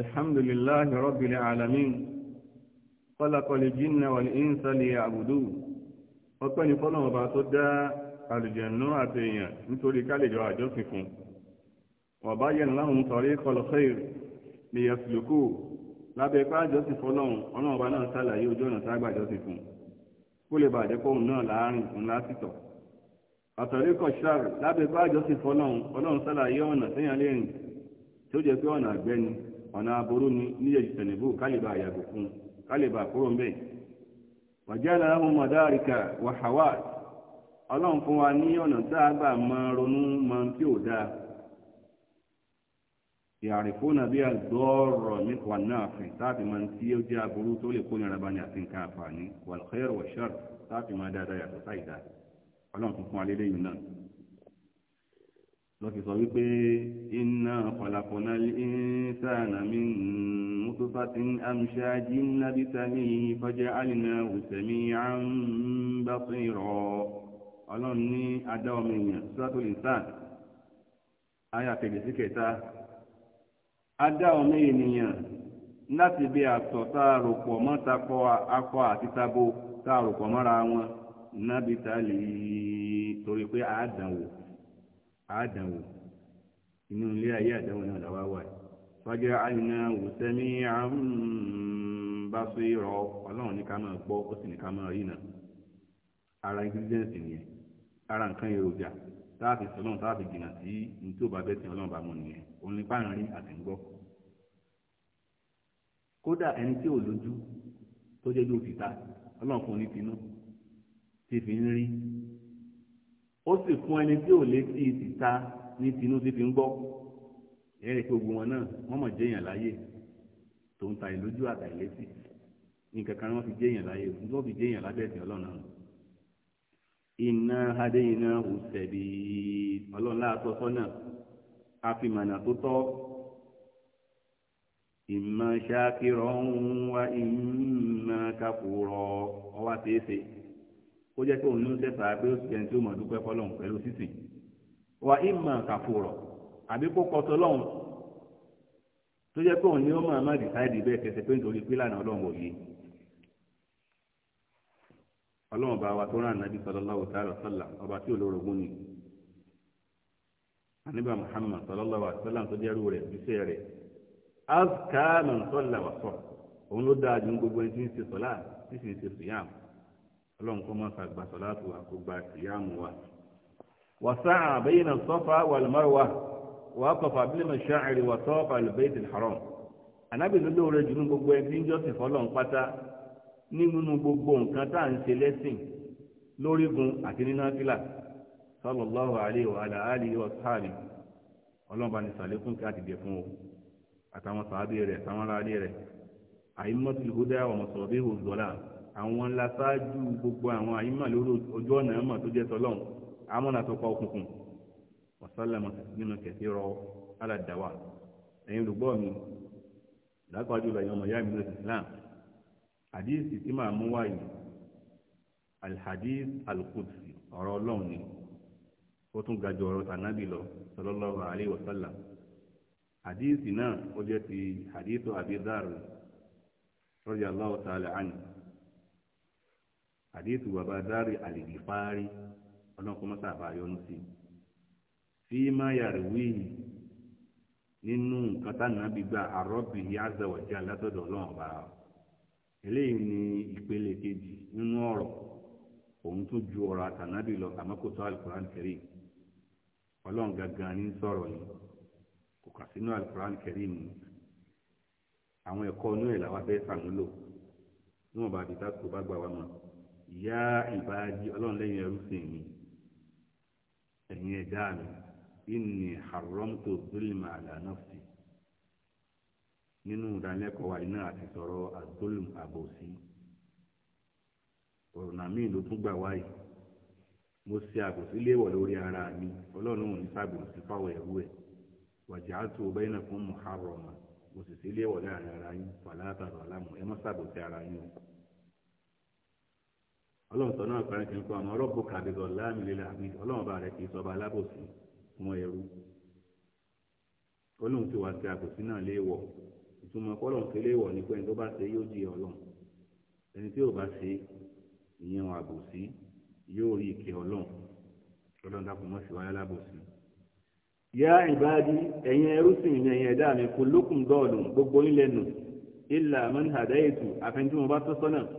الحمد لله رب العالمين خلق الجن والإنس ليعبدوه ọpẹ́ ni fọ́lọ́wọ́ bá tó dá àlùjànnú àti èèyàn nítorí kálẹ̀jọ àjọsìn fún wa bayyana lahum tariqal khair liyaslukuhu lábẹ́ ipá àjọsìn fọ́lọ́hún ọlọ́run bá náà ṣàlàyé ojú ọ̀nà tágbà àjọsìn fún kó lè bàjẹ́ pọ́hùn náà láàrin ńlá sítọ̀ àtọ̀ríkọ̀ ṣáàr lábẹ́ ipá àjọsìn fọ́lọ́hún ọlọ́run ṣàlàyé ọ̀nà téèyàn lè rìn tó jẹ́ pé ọ̀nà àgbẹ́ni ọ̀nà aburú ni níyẹ̀ ìtẹ̀nìbù kálíbà àyàgò fún kálíbà kúrò ń bẹ̀. wàjálà ahùn mọ̀dáríkà wàháwà ọlọ́run fún wa ní ọ̀nà tá a gbà máa ronú máa tí ò dáa. ìyàrífóònà bí àgbọ̀ọ̀rọ̀ nípa náà fẹ̀ táàbì máa tí ó jẹ́ aburú tó lè kó nira bani àti nǹkan àǹfààní wàlúkẹ́rù wàṣọ́rù táàbì máa dáadáa yàtọ̀ lọ́fi sọ wípé inna khalaqnal insana min nutfatin amshajin nabtalihi faja'alnahu sami'an basira ọlọ́run ní adá ọmọ èèyàn suratul insan ayé àkejì kẹta adá ọmọ ènìyàn láti bí àtọ̀ tá a rò pọ̀ mọ́ takọ akọ àti tabo tá a rò pọ̀ mọ́ra wọn torí pé àádàn a inú ilé ayé àdánwò náà làwa wà fájọ àyìnà wùsẹ́mí àmbásí rọ ọlọ́run ní ká máa gbọ́ ó sì ní ká máa rìnà ara ingredients nìyẹn ara nǹkan èròjà táàfin sọlọ́run táàfin jìnnà sí ní tí ò bá bẹ́ẹ̀ tí ọlọ́run bá mú nìyẹn òun ní rí kódà ẹni tí ò lójú tó jẹ́ bí òfìta ọlọ́run fún ní tinú ó sì fún ẹni tí ò létí ìta ní tinú ti fi ń gbọ́ ìyẹn pé gbogbo wọn náà wọ́n mọ̀ jẹ́yàn láyé tó ń ta ìlójú àtà ìlétí nǹkan ni fi jẹ́yàn láyé òfin tó fi jẹ́yàn lábẹ́ ẹ̀sìn ọlọ́run náà iná adéyiná òsèbí ọlọ́run láàtọ́ sọ́nà àfimànà tó tọ́ ìmọ̀ ṣáàkìrọ̀ ń wá ìmọ̀ kakùrọ̀ ọwá kó jẹ́ pé òun ló ń sẹ́sà pé ó sì jẹ́ tí ó mọ̀ dúpẹ́ fọlọ́run pẹ̀lú sísìn wà ìmọ̀ kàfùrọ̀ àbí kó kọ́ tọlọ́run tó jẹ́ pé òun ni ó máa má dìsáìdì bẹ́ẹ̀ kẹsẹ̀ pé nítorí ọlọ́run wa tó rán ànábì ọba tí ni Muhammad tó rẹ̀ rẹ̀ sọ òun ló dáa ju gbogbo ẹni ọlọ́run kó má sàgbà sọ̀láàtù wa kó gba ìyáàmù wa. wàsáà àbẹ́yìn náà sọ́fà wàlúmọ́rùwà wà á kọfà bílẹ̀ mọ̀ ṣáàrì wà sọ́fà lùbẹ́ẹ̀tì haram. ànábì ló lóore jù ní gbogbo ẹbí ń jọ́sìn fọlọ́run pátá nínú gbogbo nǹkan tá à ń ṣe lẹ́sìn lórígun àti nínú áfílà sallallahu alaihi wa ala alihi wa sahari ọlọ́ọ̀bá ní sàlékún kí á ti dé fún o àtàwọn sàábì rẹ̀ àtàwọn aráalé rẹ̀ àyímọ́tìlú húdà wa mọ̀sọ̀rọ̀ bí hùzọ́lá àwọn ńlá ṣáájú gbogbo àwọn àyímà lórí ojú ọ̀nà ẹ̀mọ̀ tó jẹ́ tọ́lọ́n amọ̀nà tó pa òkùnkùn wàsálàmù nínú kẹ̀kẹ́ rọ aládàáwà ẹ̀yin olùgbọ́ mi lápájú ìlànà ọmọ ìyá mi ní Islam àdíìsì tí màá mú wáyé alhadis alqudsi ọ̀rọ̀ ọlọ́run ni ó tún ga ju ọ̀rọ̀ tànábì lọ sallallahu alaihi wasallam àdíìsì náà ó jẹ́ ti hadithu Abi Dharr radiyallahu ta'ala anhu àdéhùn bàbá dárì àlèdè fáárí ọlọ́kùnmọ́sá àbáyọ́nú sí fi máa yàrá wíìlì nínú nǹkan tánàbí gba àrọ́bì ní azẹ̀wọ̀já látọ̀dọ̀ ọlọ́run ọba eléyìí ni ìpele kejì nínú ọ̀rọ̀ òun tó ju ọ̀rọ̀ àtànábì lọ àmọ́ kò tó alukuran kẹrìm ọlọ́run gangan ní sọ̀rọ̀ yìí kò kà sínú alukuran kẹrìm ni àwọn ẹ̀kọ́ inú ẹ̀ làwọn abẹ́ sàmúlò níwọ̀n bá dìtà tó bá gbà wá mọ́. ya ìbáraji ọlọ́run lẹ́yìn ẹrú mi ẹ̀yin ẹ̀dá mi inni haramtu zulma ala nínú ìdánilẹ́kọ̀ọ́ wa iná àti sọ̀rọ̀ azulm àbòsí ọ̀nà ló tún gbà wáyé mo ṣe àbòsí léèwọ̀ lórí ara mi ọlọ́run ò ní sábòsí fáwọn ẹ̀rú ẹ̀ wàjà tó bẹ́ẹ̀nà fún muharrama mo sì ara yín ẹ má ọlọ́run sọ náà parí kí n kọ́ àmọ́ ọlọ́bù kàbíbọ̀ láàmìlélà àbí ọlọ́run bá rẹ̀ kì í sọ ọba alábòsí fún ẹrú ọlọ́run ti wá sí àbòsí náà léèwọ̀ ìtumọ̀ kọ́lọ́run sí léèwọ̀ ní pé ẹni tó bá ṣe yóò jìyà ọlọ́run ẹni tí ò bá ṣe ìyẹn àbòsí yóò rí ìkẹ́ ọlọ́run ọlọ́run dákun mọ́ sí wáyé alábòsí. yá ìbáàdí ẹ̀yin ẹrú sì ní ẹ̀yin ẹ̀dá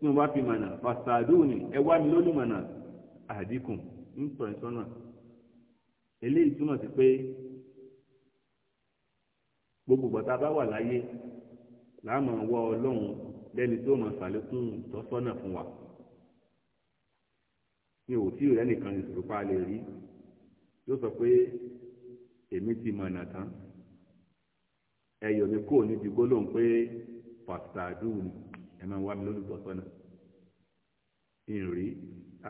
tí mo bá fi mọ̀nà fàṣàdúnì ẹ wá mi lónìí mọ̀nà àdínkù ń tọ̀rọ̀ sọ́nà eléyìí túmọ̀ sí pé gbogbo gbọ́ta bá wà láyé láàmú wọ ọlọ́run lẹ́ni tó mọ̀ sàlékún ìtọ́sọ́nà fún wa mi ò tí ò lẹ́nìkan ìṣòro pa lè rí yóò sọ pé èmi ti mọ̀nà tán ẹ̀yọ̀ mi kò níbi gbólóhùn pé pàṣàdúnì ẹ máa wá mi lólùbọ́ sọ́nà ìrì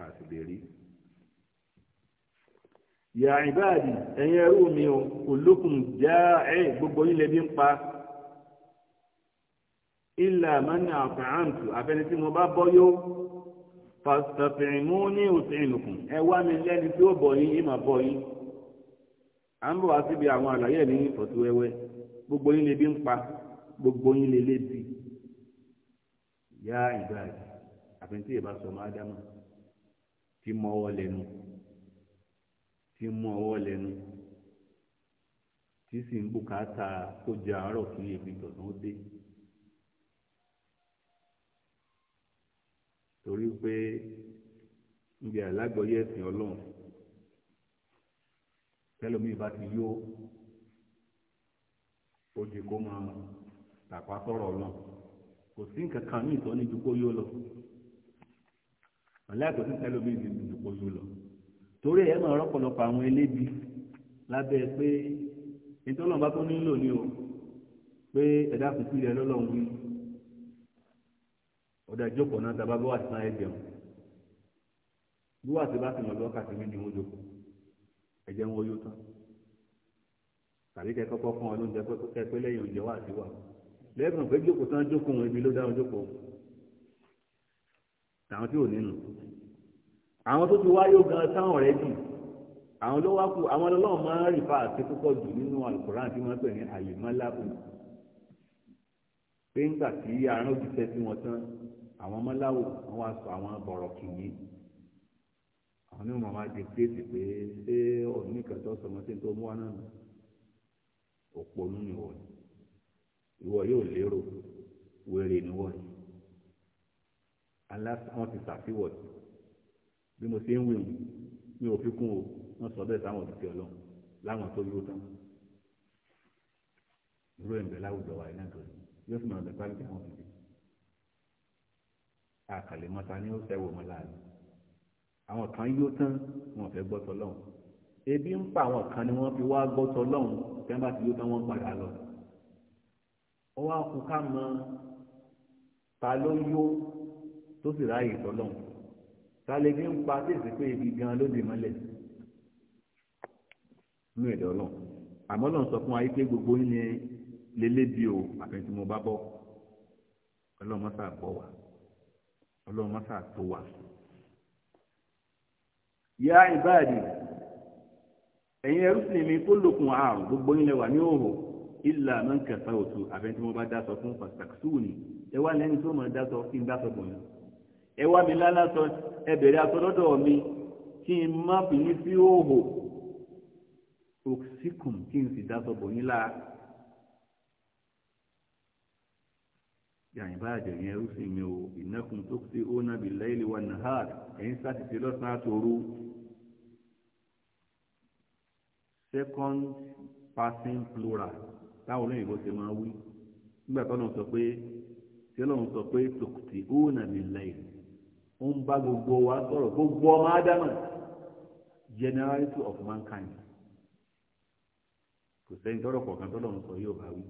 àti lè rí. yà ìbáàdì ẹ̀yin ẹrú mi o olókùn já ẹ gbogbo yín lẹbi ń pa ilà mani àfẹ́hàǹtù àfẹ́ni tí mo bá bọ́ yó fàtàfẹ̀rìmú ní òsìnlùkùn ẹ wá mi lẹ́ni tí ó bọ̀ yín ìmọ̀ bọ̀ yín à ń bọ̀ wá síbi àwọn àlàyé ní ìfọ̀túwẹ́wẹ́ gbogbo yín lè ń pa gbogbo yín lè lébi yá ìbáàdì àfẹnití ìbá sọ ọmọ ádámà tí mọ ọwọ́ lẹ́nu tí mọ ọwọ́ lẹ́nu tí sì ń bùkátà kó jẹ àárọ̀ kí ebi tọ̀tàn ó dé torí pé níbi àlágbọ́yé ẹ̀sìn ọlọ́run tẹlomi bá ti yó ó di kó máa tàpá sọ̀rọ̀ ọlọ́run kò sí nǹkan kan ní ìtọ́ ní ju kó yó lọ ọ̀làkùn sí tẹ́lómi ní ju kó yó lọ torí ẹ̀ máa rọ́pọ̀lọpọ̀ àwọn elébi lábẹ́ pé ìtọ́lọ́mọba tó nílò ni o pé ẹ̀dá kò sí ilẹ̀ lọ́lọ́run wí ọ̀dà ìjókòó náà tàbá bọ́ àti náà ẹgbẹ̀rún bí wàá ti bá ti mọ̀ lọ́wọ́ kàtí mi ni wọ́n jókòó ẹ̀jẹ̀ wọn yóò tán tàbí kẹ́kọ́ fún ọ lẹ́ẹ̀kan pé jókòó tán jókòó wọn ibi ló dáhùn jókòó tàwọn tí ò nínú àwọn tó ti wáyé gan táwọn ọ̀rẹ́ jù àwọn ló wá kú àwọn ọlọ́run máa ń rìfà àti púpọ̀ jù nínú àlùkòrán tí wọ́n pè ní àyè mọ́lá kù pé ńgbà tí arán òjíṣẹ́ sí wọn tán àwọn mọ́láwò wọ́n wá sọ àwọn bọ̀rọ̀ kìíní àwọn onímọ̀ máa di kéèsì pé ṣé òní kan tó tó mú wa náà òpó nínú ìwọ̀nyí ìwọ yóò lérò wéré níwọ ni aláwọn ti sàfihàn bí mo ṣe ń wí mi ò fi kún o wọn sọ bẹ́ẹ̀ sáwọn òbí Ọlọ́run láwọn tó yóò tán irú ẹ̀ ń bẹ láwùjọ wa iná tó yóò fi máa bẹ pálí tí àwọn òbí àkàlẹ̀ mọ́ta ni ó fẹ́ wò mọ́ láàyè àwọn kan yóò tán wọn fẹ́ gbọ́tọ̀ lọ́hùn ebi ń pa àwọn kan ni wọ́n fi wá gbọ́tọ̀ lọ́hùn tí wọ́n ti yóò tán wọ́n padà lọ́hùn ó wá kú ká mọ ta ló yó tó sì ráàyè tọ́lọ́hún ta lè fi ń pa tèsí pé ibi gan ló dè mọ́lẹ̀ nínú ẹ̀dọ̀ ọlọ́run àmọ́ lọ́n sọ fún wa yìí pé gbogbo yín ni lélẹ́bi o àfẹ́ni tí mo bá bọ́ ọlọ́run mọ́sà bọ̀ wá ọlọ́run mọ́sà tó wá. yá ìbáàdì ẹ̀yin ẹrú sì ni mi kó lòkùn àrùn gbogbo yín lẹ wà ní òhò ìlà mọ́ǹkà sáwòtú àbẹ́ tí wọ́n bá dáṣọ fún fàṣàkṣúùnì ẹ wá lẹ́ni tó mọ̀ dáṣọ kí n dáṣọ bọ̀ yẹn ẹ wá mi lálásọ ẹ bẹ̀rẹ̀ aṣọ lọ́dọ̀ mi kí n má fi yín sí òhò òsìkùn kí n sì dáṣọ bọ̀ yín yàyìnbá àjẹyìn ẹrú sí mi o ìnákun tó ṣe ó nábì láìlè wa nahar ẹ̀yin sátìsí lọ́sàn-án àtòru second person plural táwọn olóyìnbó ti máa wí nígbà tó lọ́n sọ pé tí lọ́n sọ pé tòkùtì òònà mi lẹ́yìn ó ń bá gbogbo wa sọ̀rọ̀ gbogbo ọmọ ádámà generality of mankind kò sẹ́yìn tọ́rọ̀ kọ̀ọ̀kan tó lọ́n sọ yóò bá wí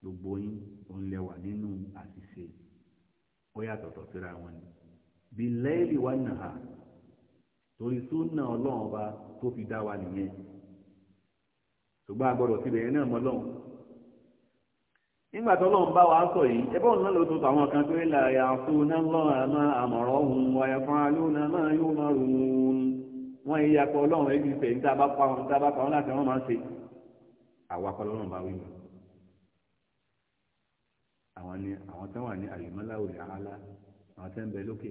gbogbo yín òun lè wà nínú àṣìṣe ó yàtọ̀ tọ̀ wọn ni bí lẹ́yìn wà nàá torí ọlọ́run ọba fi dá wa ṣùgbọ́n agbọ́dọ̀ ti bẹ̀rẹ̀ náà mọ́ lọ́hùn nígbà tó lọ́n bá wa sọ yìí ẹbọ́ náà ló tún àwọn kan pé láyà fún náà lọ́rùn àmọ́ àmọ̀rọ̀ ohun wáyà fún alóòna náà yóò máa rùn ún wọ́n yí apọ̀ ọlọ́run ẹbí ìfẹ́ ní tábà pa wọn tábà pa wọn láti wọn máa ń ṣe àwọn apọ̀ ọlọ́run bá wí mọ́ àwọn ni àwọn tó wà ní àyùmọ́lá àhálà àwọn tó ń bẹ lókè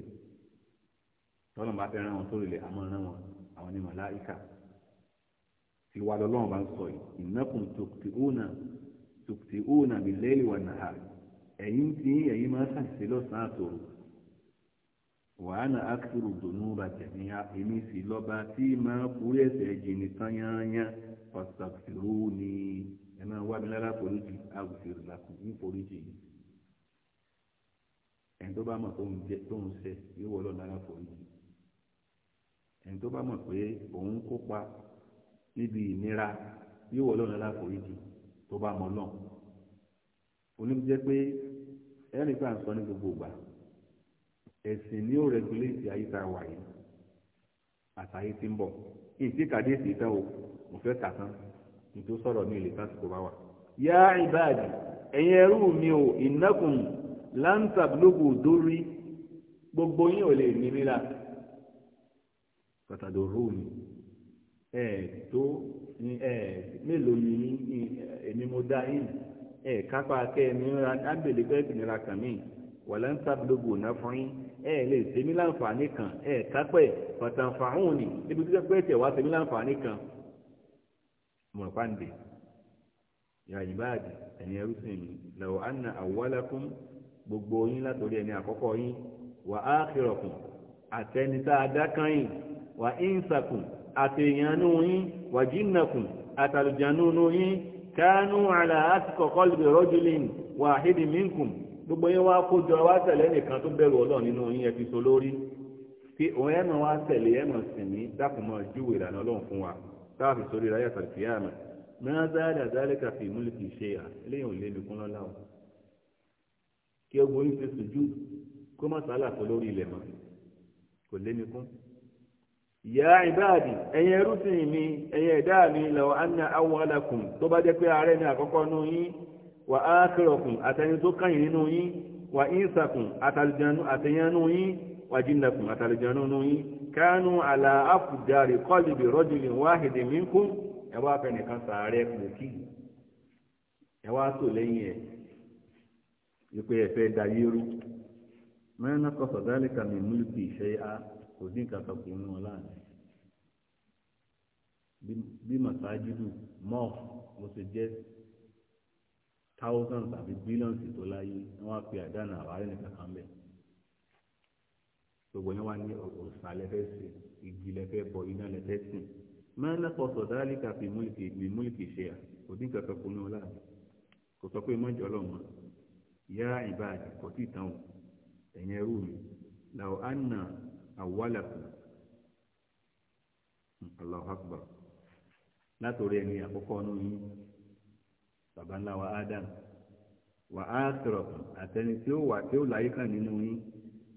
tọ́lọ́n ìwà lọ́lọ́run bá ń sọ yìí ìnákùn tòkìtìhónà tòkìtìhónà mi lẹ́yìn wà náà ẹ̀yìn tí ẹ̀yìn máa ń ṣàṣìṣe lọ́sàn-án àtòrò wàhánà akérò dònú bàjẹ́ ní èmi sì lọ́ba tí máa kúrú ẹ̀sẹ̀ jìnnì tán yányá pàṣàkìrò ni ẹ máa wá mi lára foríjì àgùfèrè làkùn ní foríjì yìí ẹni tó bá mọ̀ tó ń jẹ tó ṣe yóò wọ́ lọ́nà lára foríjì ẹni tó bá mọ̀ pé òun kópa níbi ìnira yóò wọ lọ́nà aláforíjì tó bá mọ̀ náà oníjẹ́ pé ẹnì kan sọ ní gbogbo ìgbà ẹ̀sìn ni ó rẹ́gúléètì àyíká wà yìí àtàyè ti ń bọ̀ ìtì kàdéèsì tán o mo fẹ́ kà tán nítorí sọ̀rọ̀ mi lè tásìkò bá wà. yá ìbáàdì ẹ̀yin ẹrú mi ò ìnákùn láǹtàbùlógù dórí gbogbo yín ò lè ní rírà pàtàkì òru mi ẹ tó ẹ mélòó ni èmi mo dá yín ẹ kápá kẹ ẹ nira ábẹ̀lẹ̀ fẹ́ fi nira kàn mí wàlẹ́ ń sábìlógò náà fún yín ẹ lè sèmi láǹfààní kan ẹ kápẹ́ pàtàǹfààhùn ni níbi tí wọ́n pẹ́ tẹ̀ wá sèmi láǹfààní kan. mọ̀ pàǹdé ya ibadi ẹ̀yin ẹrú sìn mí lọ́wọ́ anna awwalakum gbogbo yín látòrí ẹni àkọ́kọ́ yín wà áàkìrọ̀kùn àtẹnitá adákan yìí wà ínsàkùn àtẹ̀yànú yín wàjínàkùn àtàlùjànúnú yín kánú àlà àtìkọ̀ kọlùbì rọ́júlìn wà hídì mínkùn gbogbo yín wá kójọ wá tẹ̀lé nìkan tó bẹ̀rù ọlọ́ nínú yín ẹ fi so lórí fi òun ẹ̀mọ̀ wá tẹ̀lé ẹ̀mọ̀ sì ní dákùnmọ̀ júwèé ìlànà ọlọ́run fún wa táà fi sórí ráyà tàbíyàmà náà záàdà zálẹ́kà fi múlùkì ṣe à léyìn òlé mi lọ́lá o kí ogun yìí ti sùn jù kó má sálà kó lórí ilẹ̀ mọ́ kò lé mi ya ibadi ẹ̀yin ẹrúsìn mi ẹ̀yin ẹ̀dá mi law anna awwalakum tó bá pé ààrẹ ni àkọ́kọ́ nú yín wa akhirakum àtẹni tó kàyìn nínú yín wa insakum àtẹyẹnú yín wa jinnakum àtàlùjẹnú nù yín kánú àlà afdari qalbi rajulin wahidin minkum ẹ wá ẹ náà kò dín nǹkan kan kù nínú ọlá bí masajidu mọ́ọ̀f mo ṣe jẹ́ thousands àbí billions tó láyé wọ́n á pe àdánù àwárí nìkan kan bẹ́ẹ̀ gbogbo yẹn wá ní òòsàn lẹ́fẹ́ sí igi lẹ́fẹ́ bọ iná lẹ́fẹ́ sìn mẹ́rin pọ̀sọ̀ dáríkà fi múlìkì ìgbìn múlìkì ṣe à kò dín kankan kù nínú ọlá rẹ kò sọ pé mọ́jọ́ ọlọ́mọ yá ìbáàdì kò tí ì tán o ẹ̀yìn ẹrú mi làwọn á nà awwalakum Allahu akbar látòrí ẹni àkọ́kọ́ nù yín bàbá ńlá wa Adam wa akhirakum àtẹni tí ó wà tí ó láyé kàn nínú yín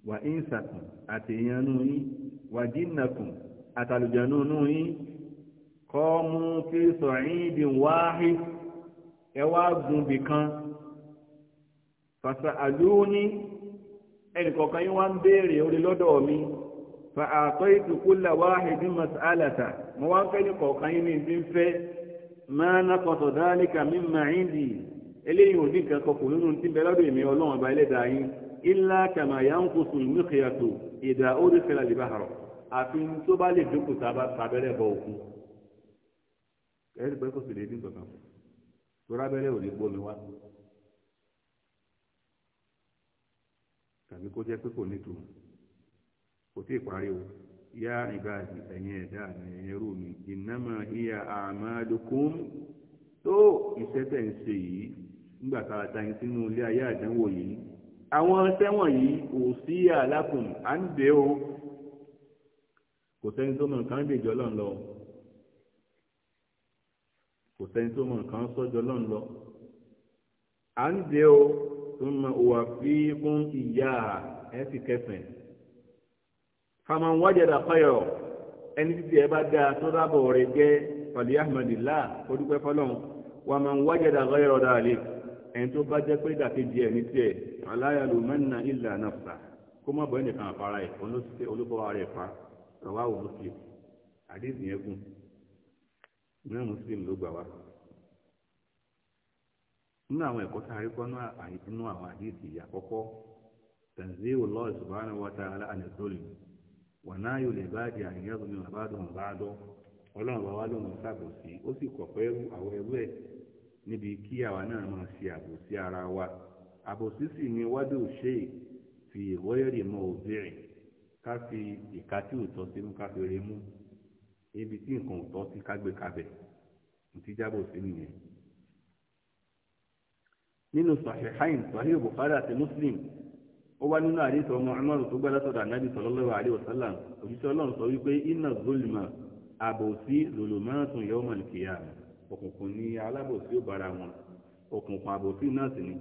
wa insakum àti èèyàn yín wa jinnakum nù yín fi ẹ wá gun ẹnì kọ̀ọ̀kan yín wá ń béèrè fa a'taytu kulla wahidin mas'alata mo wá fẹ́ ní kọ̀ọ̀kan yín ní ibi ń fẹ́ ma naqata dhalika mimma 'indi eléyìí ò dín kankan kò nínú tí bẹ́ẹ̀ lọ́dọ̀ èmi ọlọ́run ọba ẹlẹ́dàá yín illa kama yanqusu al-miqyatu idha udkhila al-bahra àfi tó bá lè dúkù tábẹ́rẹ́ bọ òkun ẹ̀rí pé sì lè dín kankan torí abẹ́rẹ́ ò ní gbómi wá tàbí kó jẹ́ pé kò ní tùmọ̀ kò tí ì parí o yá ìbáàdì ẹ̀yin ẹ̀dá ẹ̀yin ẹrú mi ìnámà ìyá àmàlùkùn tó iṣẹ́ tẹ̀ ń ṣe yìí nígbà tá a ta yín sínú ilé ayé àdánwò yìí àwọn tẹ́wọ̀n yìí kò sí àlákùn à ń bẹ́ o kò sẹ́ni tó mọ nǹkan dè jọ lọ́n lọ kò sẹ́ni tó mọ nǹkan sọ́jọ lọ́n lọ à ń bẹ́ o tó mọ òwà fi ìyá ẹ̀ sì kẹfẹ̀ẹ́ faman wájàdà kọ́yọ̀ ẹni títí ẹ bá dáa tó dábọ̀ rẹ̀ gẹ́ pàlì ahmadilá ó dúpẹ́ fọlọ́n wà man wájàdà kọ́yọ̀ ọ̀dà àlè ẹni tó bá jẹ́ pé ìdàkejì ẹ̀ ní tiẹ̀ aláyàlú mẹ́nà ìlà nàfà kó má bọ̀ ẹ́ nìkan àfara ẹ̀ olóbọ̀ ara ẹ̀ fa rọ̀wá wò muslim àdéhùn yẹn gùn náà muslim ló gbà wá nínú àwọn ẹ̀kọ́ tá a rí kọ́ nínú àwọn àdéhùn ìyá àkọ́kọ́ tanzihu Allah subhanahu wa ta'ala wàná yóò lè bá di àyìn ẹrù ní bàbá dùn bá dọ́ ọlọ́run bá wá lóun ṣàbòsí ó sì kọ̀pẹ́ ẹrú àwọn ẹrú ẹ̀ níbi kí àwa náà máa ṣe àbòsí ara wa àbòsí sì ni wádò ṣe fi ìwọ́yẹ̀rì mọ òbẹ̀rẹ̀ ká fi ìka tí ò tọ́ sínú ká fi remú ibi tí nǹkan ò sí ká gbé kabẹ̀ ntí jábòsí nìyẹn. nínú Sahihain Sahih Bukhari àti Muslim ó wá nínú àdéhùn ọmọ ọmọrùn tó gbọ́dọ̀ sọ̀rọ̀ ànábì sallallahu alaihi wasallam òjíṣẹ́ ọlọ́run sọ wípé iná zulma àbòsí lòlòmọ́ràn yawmal qiyamah òkùnkùn ní alábòsí ó bára wọn òkùnkùn àbòsí náà sì ni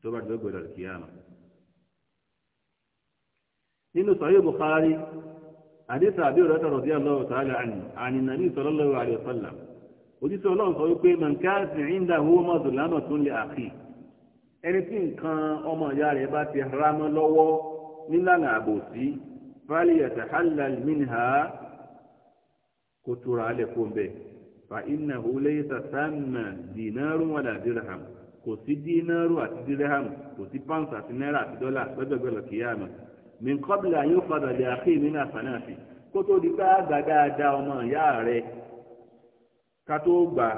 tó bá dúró gbọ́dọ̀ qiyamah. nínú sọ̀rọ̀ Bukhari àdéhùn àbí òrẹ́tà radiyallahu ta'ala àní nàbí sallallahu alaihi wasallam òjíṣẹ́ ọlọ́run sọ wípé mọ̀nkáàsì ẹni tí nǹkan ọmọ ìyá rẹ̀ bá ti ramọ́ lọ́wọ́ nílànà àbòsí falyatahallal minha kó tura alẹ́ kó ń bẹ̀ fa innahu laysa thamma dinarun wala dirham kò sí dínárù àti dirham kò sí pounds àti náírà àti dọ́là lọ́jọ́gbẹ́lọ̀ kìíyàmù min qabla an yuqada li akhi min asanati kó tó di pé àgbà ọmọ ìyá rẹ̀ ká tó gbà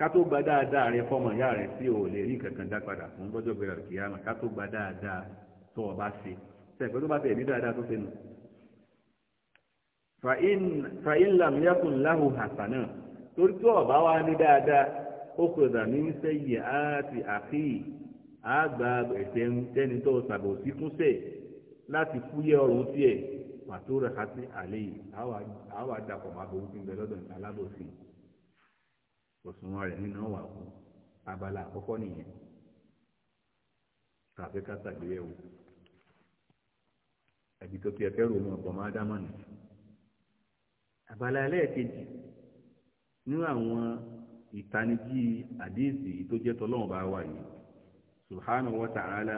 ká tó gba dáadáa rẹ fọmọ ìyá rẹ tí ò lè rí kankan dá padà fún gbọ́dọ̀ gbéra òkè yá ká tó gba dáadáa tó o bá ṣe sẹpẹ tó bá tẹ ní dáadáa tó ṣe fa in lam yakun lahu hasana torí tó o bá wá ní dáadáa ó kò dà ní sẹ́yìn àti àfi àgbà ẹ̀sẹ̀ ń tẹ́ni tó sàbò sí kúnṣẹ̀ láti fúyẹ́ ọrùn tiẹ̀ pàtó rẹ̀ àti àlè yìí àwa àdàpọ̀ máa bọ̀ wípé ń bẹ lọ́dọ̀ ní alábòsí òṣùwọ̀n rẹ̀ nínú wà kú abala àkọ́kọ́ nìyẹn tàbí ká ṣàgbéyẹ̀wò ẹbí tó fi ẹkẹ́ ròmọ ọ̀pọ̀ máa dá mọ́nà abala ẹlẹ́ẹ̀kejì nínú àwọn ìtanijí àdéhìsì tó jẹ́ tọ́lọ́run bá wà yìí subhanahu wa ta'ala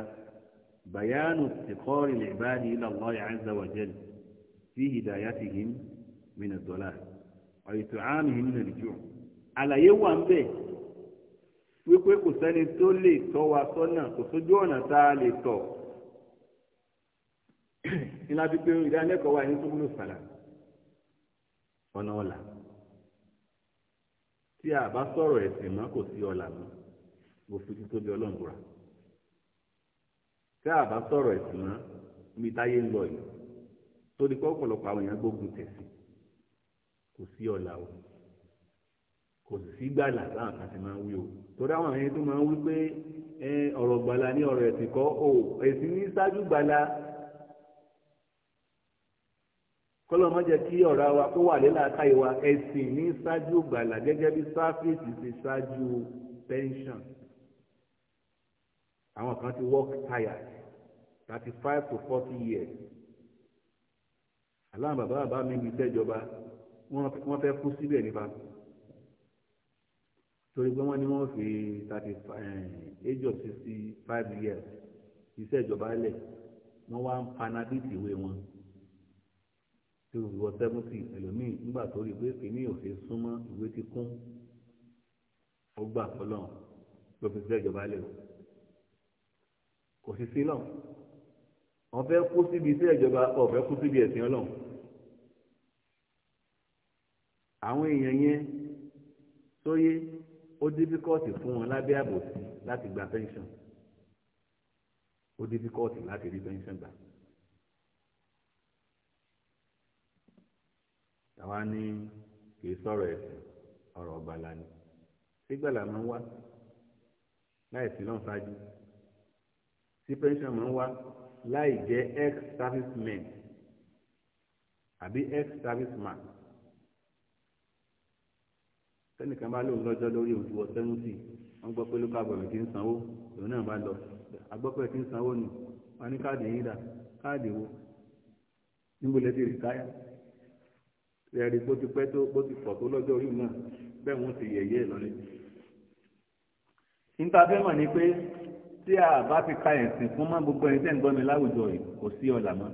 bayanu istiqari al-ibadi ila Allah azza wa jalla fi hidayatihim min ad-dalal wa it'amihim min àlàyé wà ń bẹ̀ wípé kò sẹ́ni tó lè tọ́ wa sọ́nà kò sójú ọ̀nà tá a lè tọ̀ nílá fi pé ìdánilẹ́kọ̀ọ́ wa ní túbúlù sàlà ọ̀nà ọ̀la tí a bá sọ̀rọ̀ ẹ̀sìn mọ́ kò sí ọ̀la mọ́ mo fi ti tóbi ọlọ́run búra tí a bá sọ̀rọ̀ ẹ̀sìn mọ́ mi táyé ń lọ yìí torí pé ọ̀pọ̀lọpọ̀ àwọn èèyàn gbógun tẹ̀sí kò sí ọ̀la o kò sì sí gbàlà láwọn kan ti máa ń wí o torí àwọn ẹni tó máa ń wí pé ọ̀rọ̀ gbàlà ní ọ̀rọ̀ ẹ̀sìn kọ́ o ẹ̀sìn ní ṣáájú gbàlà kọlọmọ jẹ́ kí ọ̀rọ̀ wa kó wà lélà káyé wa ẹ̀sìn ní ṣáájú gbàlà gẹ́gẹ́ bí sáfíìsì ti ṣáájú pẹ́ńṣọ̀n àwọn kan ti work tired thirty five to forty years aláwọn bàbá bàbá mi ń gbé wọ́n fẹ́ kú síbẹ̀ nípa torí pé wọ́n ní wọ́n fi thirty eh, age of sixty five years iṣẹ́ ìjọba lẹ̀ wọ́n wá ń panadit ìwé wọn tí o wọ seventy ẹlòmíì nígbà tó rí i pé kìíní ò ṣe súnmọ́ ìwé ti kún ó gbà fọlọ́n ló fi iṣẹ́ ìjọba lẹ̀ o kò sí sí náà wọ́n fẹ́ kú síbi iṣẹ́ ìjọba ọ̀fẹ́ kú síbi ẹ̀sìn ọlọ́run àwọn èèyàn yẹn tó yé. So ó dífíkọ́ọ̀tì fún wọn lábẹ́ àbòsí láti gba pension ó dífíkọ́ọ̀tì láti rí pension gbà. àwa ní kì í sọ̀rọ̀ ẹ̀sìn ọ̀rọ̀ ọ̀gbàlà ni sígbàlà máa ń wá láì sí lọ́n ṣáájú sí pension máa ń wá láì jẹ́ ex servicemen àbí ex serviceman sẹ́nìkan bá lóun lọ́jọ́ lórí òdu ọ̀sẹ́mùsì wọ́n gbọ́ pé lókà gbọ̀mù kí ń sanwó lòun náà bá lọ agbọ́pẹ́ kí ń sanwó nù wọ́n ní káàdì yín dà káàdì wo níbo lẹ ti rìtáyà rẹ̀rí bó ti pẹ́ tó bó ti pọ̀ tó lọ́jọ́ orí náà bẹ́ẹ̀ wọ́n ti yẹ̀yẹ́ ẹ̀ lọ́lẹ̀. níta fẹ́ mọ̀ ni pé tí a bá fi ka ẹ̀sìn fún mọ́ gbogbo ẹni tẹ́ ń gbọ́ mi láwùjọ kò sí ọ̀là mọ́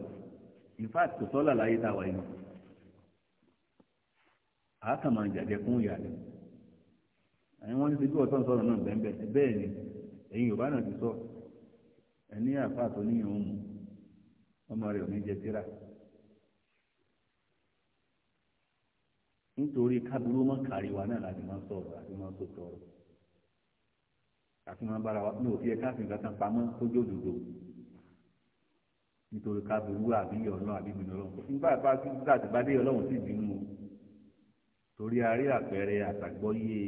in fact láyé tá yìí. àákàn máa ń ẹ̀yin wọ́n ní sẹ́jú ọ̀tọ̀ sọ̀rọ̀ náà bẹ́ẹ̀ bẹ́ẹ̀ ni ẹ̀yin yorùbá náà ti sọ ẹni àfáà tó níyàn ń mu ọmọ rẹ̀ ò ní jẹ tíra nítorí kábúrú mọ́ kárí wa náà láti máa sọ̀rọ̀ àti máa sọ tọrọ àti máa bára wa ní òfin ẹ̀ka àfihàn kan pamọ́ tó jó dòdò nítorí kábúrú àbí ọlọ́run àbí ìbínú ọlọ́run nígbà bá tí bá dé sì bínú torí a rí àpẹẹrẹ àtàgbọ́yé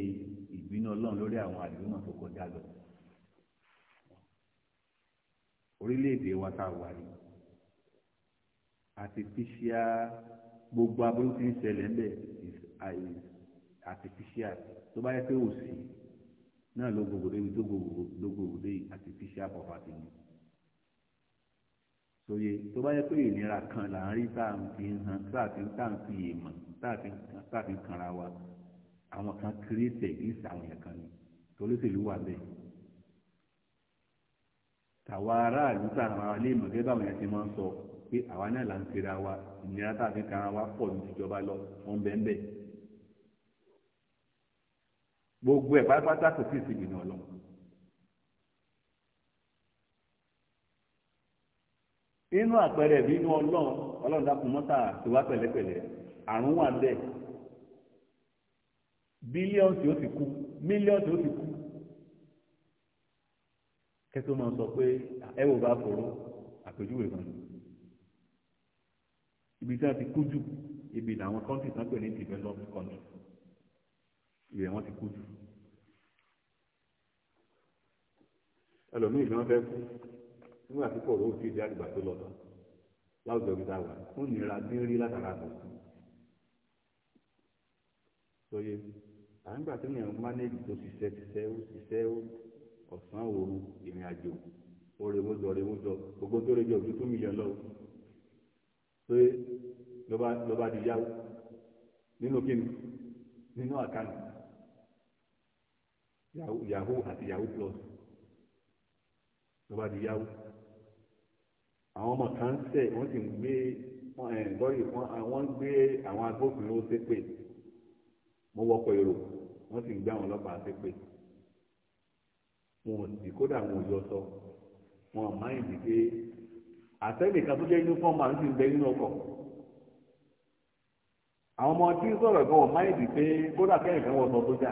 ìbínú ọlọ́run lórí àwọn àdúmọ̀ tó kọjá lọ orílẹ̀-èdè wa tá a wà yìí artificial gbogbo aburú tí ń ṣẹlẹ̀ ń bẹ̀ artificial tó bá yẹ pé òsì náà ló gbogbo débi tó gbogbo ló gbogbo dé artificial poverty ni sòye tó bá yẹ pé ìnira kan là ń rí tá à ń fi hàn tá à fi ń tá ń fi èèmọ̀ tá à ń kanra wa àwọn kan kírèsì ẹ̀gísì àwọn kan ni tolóṣèlú wà bẹ́ẹ̀ tàwa aráàlú sọ pé àwa náà là ń wa ìnira wa pọ̀ ní ìjọba lọ wọn bẹ́ẹ̀ bẹ́ẹ̀ gbogbo ẹ̀ pátápátá kò sí ìsìnkú ọlọ́run inú àpẹẹrẹ ìbínú ọlọ́run ọlọ́run dákun mọ́tà tó bílíọ̀nù tí ó ti kú mílíọ̀nù tí ó ti kú kẹ́tọ́ máa sọ pé ẹ wò bá fòrò àpèjúwe kan ibi tí wọ́n ti kú jù ibi làwọn kọ́ńtì tán pè ní developed country ibi àwọn ti kú jù ẹlòmíì ni wọ́n fẹ́ kú nígbà tí kò rówó tí ìdí àgbà tó lọ tán láwùjọ gbé dáwà fún ìnira tí ń rí látara àbòsí lóye. So, yeah àgbà tí èèyàn mánéèjì tó ṣiṣẹ́ ṣiṣẹ́ ó ṣiṣẹ́ ó ọ̀sán òru ìrìn àjò orèmójọ orèmójọ gbogbo tó rẹjọ ojú tó mílíọ̀n lọ pé lọ́ba di yáwó nínú kíni nínú àkáǹtì yahoo àti yahoo plus lọ́ba di yáwó àwọn ọmọ kan ń sẹ̀ wọ́n sì ń gbé wọ́n ń gbé àwọn agbófinró ṣépè mo wọkọ̀ èrò wọ́n sì ń gbé àwọn ọlọ́pàá ṣépè wọn ò sì kódà wọn ò yọ sọ wọn àmọ́ ìdí pé àtẹ́nìkan tó jẹ́ uniform man ti ń bẹ nínú ọkọ̀ àwọn ọmọ tí ń sọ̀rọ̀ gan wọ̀ máìdì pé kódà kẹ́yìn kan wọ sọ sójà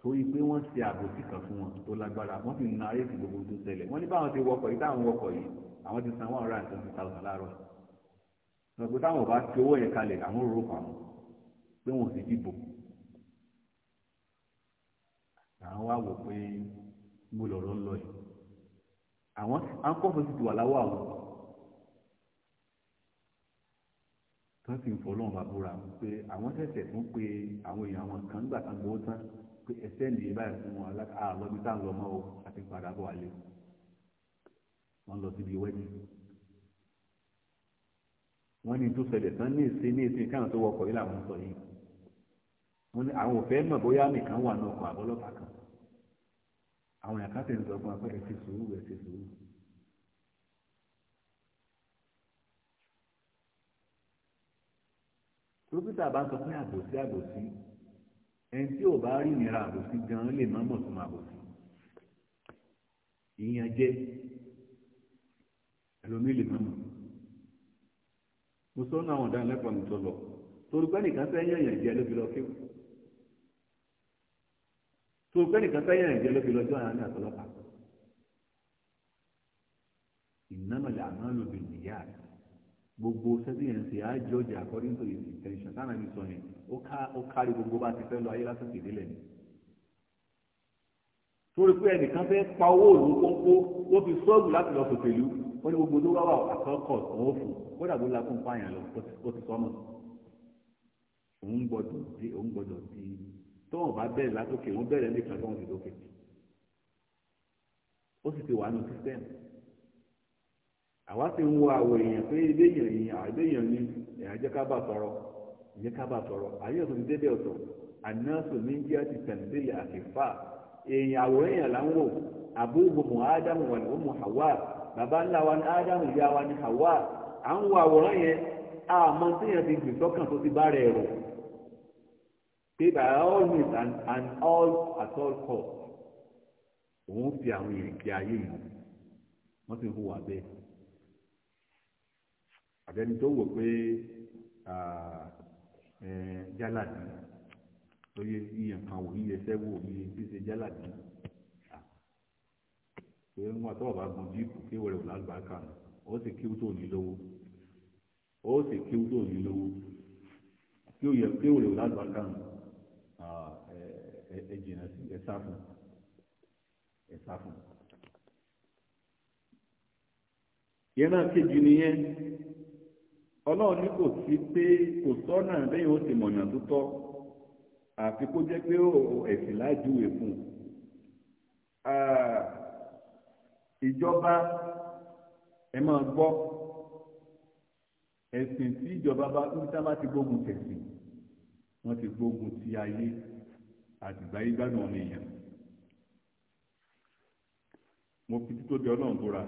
torí pé wọ́n ṣe àbòsí kan fún wọn tó lágbára wọ́n sì ń na ayé sí gbogbo tó ṣẹlẹ̀ wọ́n ní báwọn ti wọkọ̀ yìí táwọn wọkọ̀ yìí àwọn ti san one hundred and twenty thousand láàárọ̀ lọ́gbọ́n táwọn ò bá fi owó yẹn kalẹ̀ àwọn òróró pa wọn pé wọn ò sì dìbò àwọn wá wò pé mo lọ̀rọ̀ ń lọ yìí àwọn akọ́fẹ́ sì ti wà láwọ́ àwọn tó sì ń fọlọ́run bá búra pé àwọn ṣẹ̀ṣẹ̀ tún pé àwọn èèyàn àwọn kan gbà kan gbowó tán pé ẹsẹ̀ nìyí báyìí fún wọn àlọ́ bí táwọn lọ mọ́ o àti padà bọ̀ wálé wọ́n lọ síbi wẹ́ẹ̀dì wọ́n ní tó ṣẹlẹ̀ tán ní ìsín ní ìsín káwọn tó wọkọ̀ yìí làwọn sọ yìí wọn ní àwọn òfẹ́ mọ̀ bóyá nìkan wà náà kọ́ àbọ́lọ́pàá kan àwọn yàtọ̀ àti ìdọ̀gbọ̀n apẹ̀rẹ̀ ti sùúrù ẹ̀ ti sùúrù. dókítà bá ń sọ pé àbòsí àbòsí ẹni tí ò bá rí ìnira àbòsí gan-an lè má mọ̀ tó máa bòsí ìyẹn jẹ́ ẹlòmí lè má mọ̀ mo sọ ọ́nà àwọn ọ̀daràn lẹ́kọ̀ọ́ mi tó lọ torí pé nìkan fẹ́ yẹ̀yẹ̀ jẹ́ lóbi lọ kéwòn tó o pẹ́ẹ́nì kan sẹ́yìn ẹ̀jẹ̀ ló fi lọ́jọ́ àárín àtọ́lọ́pàá ìnámọ̀lẹ̀ àmọ́ lóbi nìyá gbogbo sẹ́sìn ṣe á jọjì according to his intention táwọn ẹni sọ yẹn ó kárí gbogbo bá ti fẹ́ lọ ayé lásán ti ni torí pé ẹnìkan fẹ́ pa owó òun kónkó ó fi sọ́ọ̀gù láti lọ sòtèlú ó ní gbogbo tó bá wà àkọ́kọ́ òun fò kódà bó la fún pààyàn lọ ó ti sọ́mọ̀ òun gbọ́dọ̀ di tó wọn bá bẹ̀rẹ̀ látòkè wọn bẹ̀rẹ̀ nìkan tó wọn ti dókè ó sì ti wà nù sísẹ́m àwa ti ń wo àwọn èèyàn pé iléèyàn yìí èèyàn jẹ́ tọrọ ìyẹn tọrọ ọ̀tún ti débẹ̀ ọ̀tọ̀ ànáàsùn ní jíà ti tẹ̀lé àkèfà èèyàn àwòrán èèyàn là ń wò gbogbo ádámù hawa bàbá ńlá wa hawa à ń wo àwòrán yẹn àmọ́ tí yẹn ti tó ti bá rẹ̀ pé by all means and, and all at all cost òun fi àwọn ìrìnkè ayé yìí wọ́n sì ń hùwà bẹ́ẹ̀ àbẹ́ni tó wò pé jálàdì lóye iye nǹkan wò iye ẹsẹ̀ wò iye ṣíṣe jálàdì pé wọn àtọwọ bá gun jíìpù kí wọlé wọlé àlùbáríkà nù ó sì kí wútó ní lówó ó sì kí wútó ní lówó kí wọlé wọlé àlùbáríkà nù. Ah, ẹ jìnnà sí ẹ sá fún ẹ sá fún. ìran kejì nìyẹn ọlọ́run ní kò sí pé kò sọ́nà lẹ́yìn ó ti mọ̀nà tó tọ́ àfi kó jẹ́ pé ẹ̀sìn lájú èkún ìjọba ẹ máa gbọ́ ẹ̀sìn tí ìjọba bá ń sábà ti gbógun tẹ̀sìn wọ́n ti gbógun ti ayé àtìgbáyé gbádùn ọmọ èèyàn mo fi títóbi ọlọ́run bóra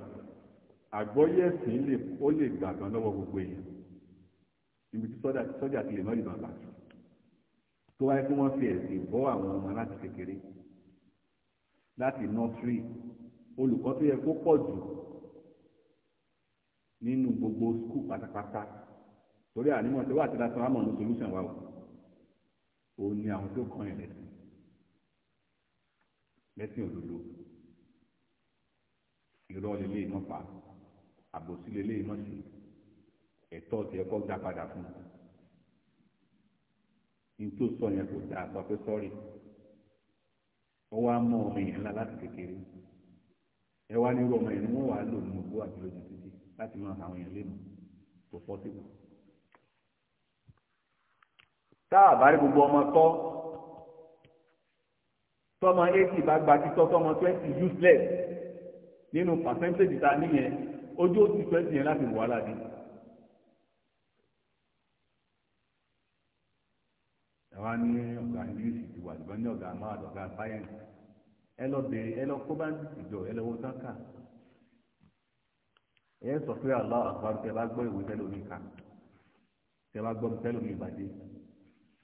àgbọ́yé ẹ̀sìn lè ó lè gbà gan lọ́wọ́ gbogbo èèyàn níbi tí sọ́jà ti lè mọ́ ìbọn bàtà tó wáyé kí wọ́n fi ẹ̀sìn bọ́ àwọn ọmọ láti kékeré láti nọ́ọ̀tírì olùkọ́ tó yẹ kó pọ̀ jù nínú gbogbo skul pátápátá torí ànímọ̀ tí wọ́n àti lásán àmọ̀ ní solution wa o òun ni àwọn tó kàn yẹn lẹ́sìn lẹ́sìn òdodo irọ́ lélẹ́ iná pa àbòsí lélẹ́ iná sí ẹ̀tọ́ tí ẹ kọ́ gbà padà fún un ní tó sọ yẹn kò dáa sọ pé sọ́ọ̀rì wọ́n wá mọ ọmọ yẹn ńlá láti kékeré ẹ wá nírú ọmọ yẹn ni wọ́n wàá lò ní gbogbo àti lójú títí láti máa àwọn yẹn lé mọ́ kò fọ́ síbò tá a bá rí gbogbo ọmọ tọ́ tọmọ eighty bá gba títọ́ tọmọ twenty useless nínú percentage ta níyẹn ojú òsì twenty yẹn láti wà ládé. àwa ní ọ̀gá english ti wà ṣùgbọ́n ní ọ̀gá amad ọ̀gá science ẹ lọ bèrè ẹ lọ kó bá ń dìjọ ẹ lọ wo sáńkà ẹ sọ pé aláwọ àgbà tẹ bá gbọ́ ìwé tẹlómi kà tẹ bá gbọ́ tẹlómi ìbàdí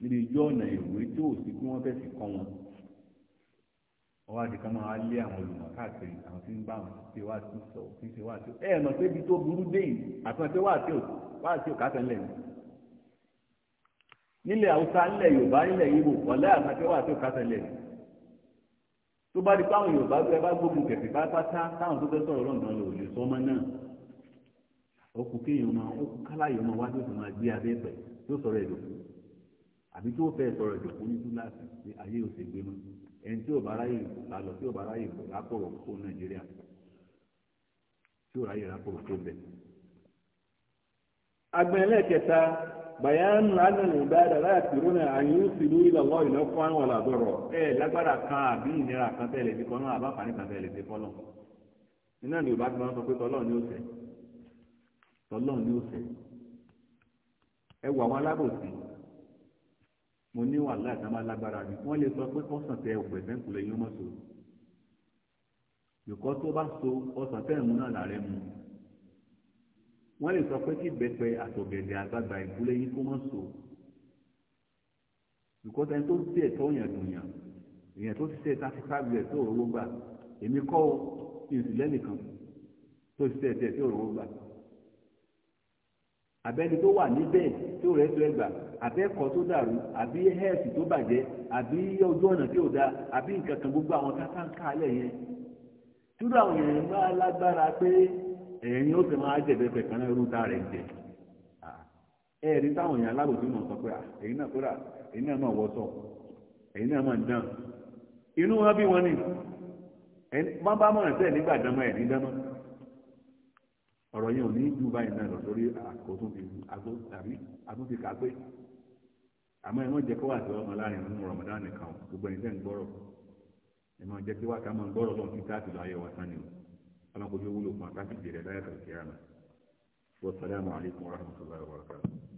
níbi ìjọ ọ̀nà ìwé tí ò sí kí wọ́n fẹ̀sìn kọ́ wọn ọwọ́ àdìkan máa lé àwọn olùmọ̀ káàkiri àwọn tí ń bá wọn ṣe wá sí sọ tí ṣe wá sí ẹ mọ̀ pé ibi tó burú dé yìí àtúnṣe pé wá sí wá sí òkàtà ńlẹ̀ ni nílẹ̀ haúsá nílẹ̀ yorùbá nílẹ̀ ibo wọ̀lẹ́ àtúnṣe wá sí òkàtà ńlẹ̀ ni tó bá di pàwọn yorùbá tó ẹ bá gbógun kẹ̀kẹ́ pátápátá táwọn tó fẹ́ sọ̀rọ̀ lọ́nà lò lè sọ náà ó kéèyàn máa ó kù kálá àbí tó fẹ́ sọ̀rọ̀ ìjòkó ní túláàsì ní ayé òsè gbé mọ́ ẹni tí ò bá ráyè lálọ tí ò bá ráyè kó nàìjíríà tí ò ráyè kó agbẹ̀lẹ̀ kẹta bayanu anani ibada láti rúnà àyùn sílú àwọn ẹ lágbára kan àbí ìnira kan tẹ̀lé kọ́ náà àbáfàní kan tẹ̀lé ni sọ pé tọ́lọ́ mo ní wàhálà àtàmà lágbára mi wọ́n lè sọ pé ọ̀sán tẹ ọ̀pẹ̀ tẹ́ ń kulẹ̀ yín ọmọ so yòókọ́ tó bá so ọ̀sán tẹ́ ń mú náà làárẹ̀ mu wọ́n lè sọ pé kí bẹ́pẹ àtọ̀gẹ̀dẹ̀ àgbàgbà ìkúlẹ̀ yín kó mọ̀ so yòókọ́ tẹ́ tó sí ẹ̀tọ́ yẹn dùn yàn èèyàn tó ṣiṣẹ́ thirty five years tó òróró gbà èmi kọ́ o nìkan tó ṣiṣẹ́ ẹ̀tẹ́ tó òróró gbà àbẹ́ni tó wà níbẹ̀ tó rẹ̀ tó ẹgbà àbẹ́kọ̀ tó dàrú àbí hẹ́ẹ̀sì tó bàjẹ́ àbí ojú ọ̀nà tí ò da àbí nǹkan kan gbogbo àwọn kákáńká alẹ́ yẹn túrọ̀ àwọn èèyàn máa lágbára pé ẹ̀yìn ó sì máa jẹ̀bẹ̀ pẹ̀kan náà rúta rẹ̀ jẹ ẹ̀rí táwọn èèyàn alábòsí náà sọ pé náà náà máa wọ́sọ̀ náà máa dán inú wọn bí wọn ọ̀rọ̀ yẹn ò ní ju báyìí náà lọ sórí àkótó ti àbí àtúntì ká pé àmọ́ ẹ má jẹ́ kó wà sí ọmọ láàrin nínú Ramadan nìkan gbogbo ẹni tẹ́ ń gbọ́rọ̀ ẹ má jẹ́ kí wà ká máa gbọ́rọ̀ lọ́n títí àti láyé wa sani o ọlọ́kùnrin wúlò fún akáfíìsì rẹ̀ láyàtọ̀ sí ara mi. Wassalamu alaikum